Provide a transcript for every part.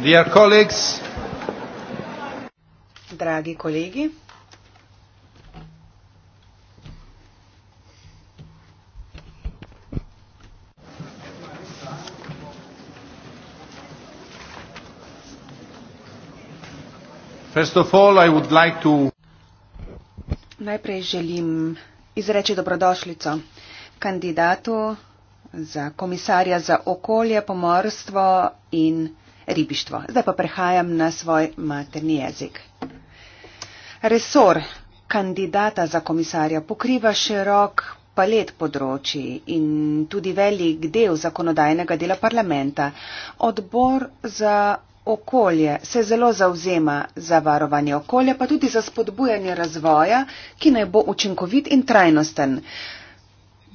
Dear colleagues, Dragi kolegi, First of all, I would like to... Najprej želim izreči dobrodošlico kandidatu za komisarja za okolje, pomorstvo in ribištvo. Zdaj pa prehajam na svoj materni jezik. Resor kandidata za komisarja pokriva širok palet področji in tudi velik del zakonodajnega dela parlamenta. Odbor za okolje se zelo zauzema za varovanje okolja, pa tudi za spodbujanje razvoja, ki naj bo učinkovit in trajnosten.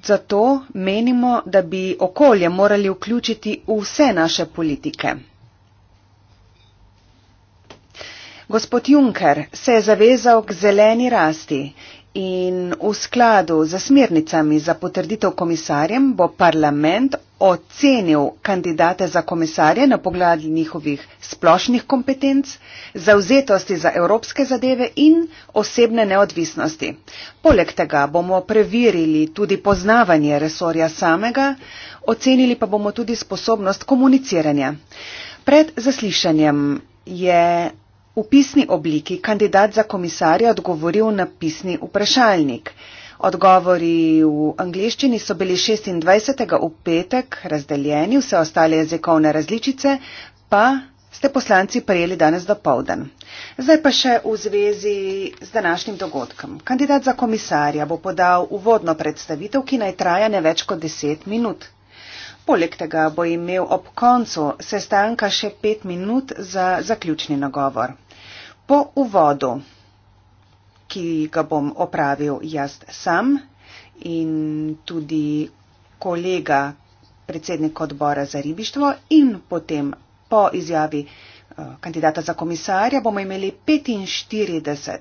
Zato menimo, da bi okolje morali vključiti v vse naše politike. Gospod Juncker se je zavezal k zeleni rasti in v skladu z smernicami za potrditev komisarjem bo parlament ocenil kandidate za komisarje na pogledu njihovih splošnih kompetenc, zauzetosti za evropske zadeve in osebne neodvisnosti. Poleg tega bomo preverili tudi poznavanje resorja samega, ocenili pa bomo tudi sposobnost komuniciranja. Pred zaslišanjem je V pisni obliki kandidat za komisarja odgovoril na pisni vprašalnik. Odgovori v angleščini so bili 26. v petek razdeljeni, vse ostale jezikovne različice pa ste poslanci prejeli danes do povdan. Zdaj pa še v zvezi z današnjim dogodkom. Kandidat za komisarja bo podal uvodno predstavitev, ki naj traja ne več kot 10 minut. Poleg tega bo imel ob koncu sestanka še 5 minut za zaključni nagovor. Po uvodu, ki ga bom opravil jaz sam in tudi kolega predsednik odbora za ribištvo in potem po izjavi eh, kandidata za komisarja bomo imeli 45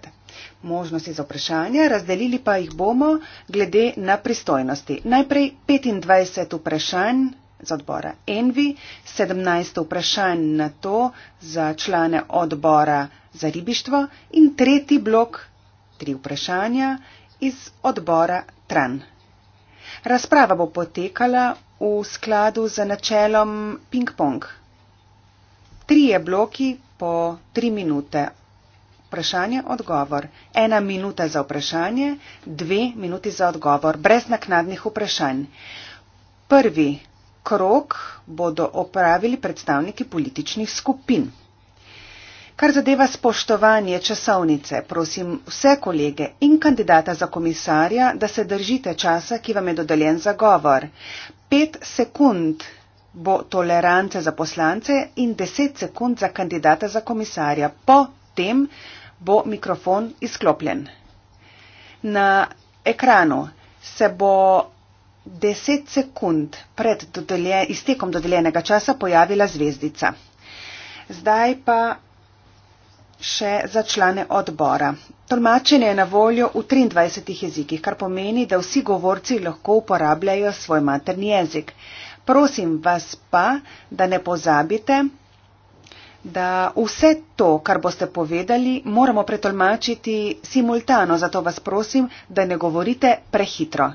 možnosti za vprašanja, razdelili pa jih bomo glede na pristojnosti. Najprej 25 vprašanj za odbora Envi, 17 vprašanj na to za člane odbora za ribištvo in tretji blok, tri vprašanja iz odbora Tran. Razprava bo potekala v skladu z načelom ping-pong. Trije bloki po tri minute. Vprašanje, odgovor. Ena minuta za vprašanje, dve minuti za odgovor, brez naknadnih vprašanj. Prvi krok bodo opravili predstavniki političnih skupin. Kar zadeva spoštovanje časovnice, prosim vse kolege in kandidata za komisarja, da se držite časa, ki vam je dodeljen za govor. Pet sekund bo tolerance za poslance in deset sekund za kandidata za komisarja. Po tem bo mikrofon izklopljen. Na ekranu se bo. 10 sekund pred dodelje, iztekom dodeljenega časa pojavila zvezdica. Zdaj pa še za člane odbora. Tolmačenje je na voljo v 23 jezikih, kar pomeni, da vsi govorci lahko uporabljajo svoj materni jezik. Prosim vas pa, da ne pozabite, da vse to, kar boste povedali, moramo pretolmačiti simultano, zato vas prosim, da ne govorite prehitro.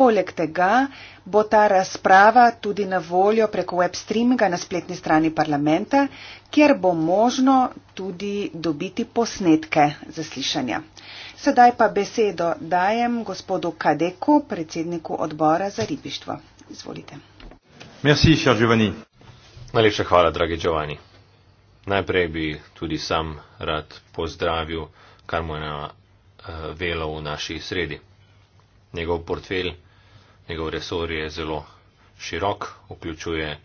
Poleg tega bo ta razprava tudi na voljo preko web streaminga na spletni strani parlamenta, kjer bo možno tudi dobiti posnetke zaslišanja. Sedaj pa besedo dajem gospodu Kadeku, predsedniku odbora za ribištvo. Izvolite. Merci, cher Giovanni. Najlepša hvala, dragi Giovanni. Najprej bi tudi sam rad pozdravil Karmona eh, Velo v naši sredi. Njegov portfelj Njegov resor je zelo širok, vključuje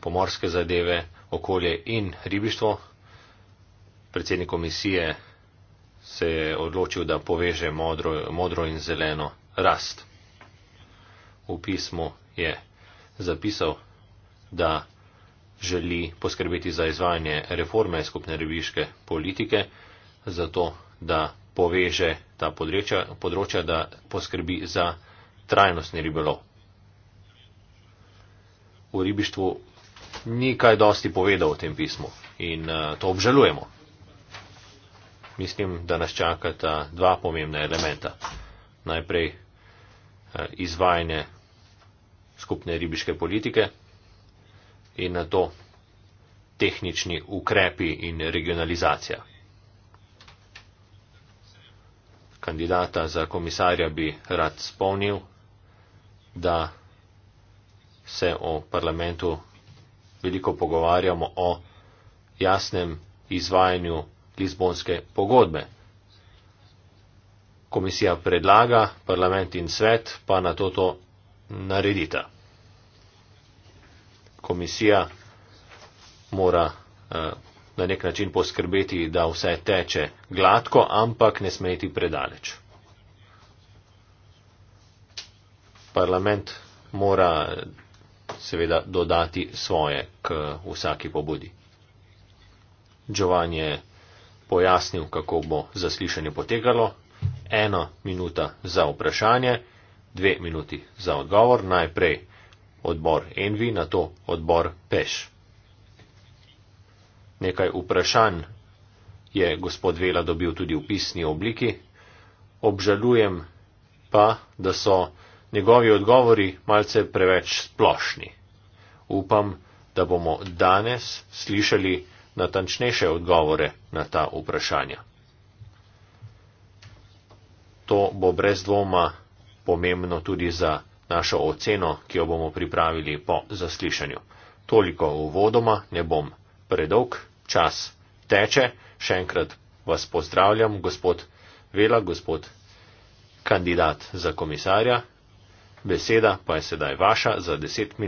pomorske zadeve, okolje in ribištvo. Predsednik komisije se je odločil, da poveže modro, modro in zeleno rast. V pismu je zapisal, da želi poskrbeti za izvajanje reforme skupne ribiške politike, zato da poveže ta področja, področja da poskrbi za trajnostni ribolov. V ribištvu ni kaj dosti povedal o tem pismu in eh, to obžalujemo. Mislim, da nas čakata dva pomembna elementa. Najprej eh, izvajanje skupne ribiške politike in na to tehnični ukrepi in regionalizacija. Kandidata za komisarja bi rad spomnil, da se v parlamentu veliko pogovarjamo o jasnem izvajanju Lizbonske pogodbe. Komisija predlaga, parlament in svet pa na to to naredita. Komisija mora eh, na nek način poskrbeti, da vse teče gladko, ampak ne smeti predaleč. parlament mora seveda dodati svoje k vsaki pobudi. Giovanni je pojasnil, kako bo zaslišanje potekalo. Eno minuta za vprašanje, dve minuti za odgovor, najprej odbor Envi, nato odbor Peš. Nekaj vprašanj je gospod Vela dobil tudi v pisni obliki. Obžalujem pa, da so njegovi odgovori malce preveč splošni. Upam, da bomo danes slišali natančnejše odgovore na ta vprašanja. To bo brez dvoma pomembno tudi za našo oceno, ki jo bomo pripravili po zaslišanju. Toliko uvodoma, ne bom predolg, čas teče, še enkrat vas pozdravljam, gospod Vela, gospod kandidat za komisarja. Beseda pa je sedaj vaša za deset minut.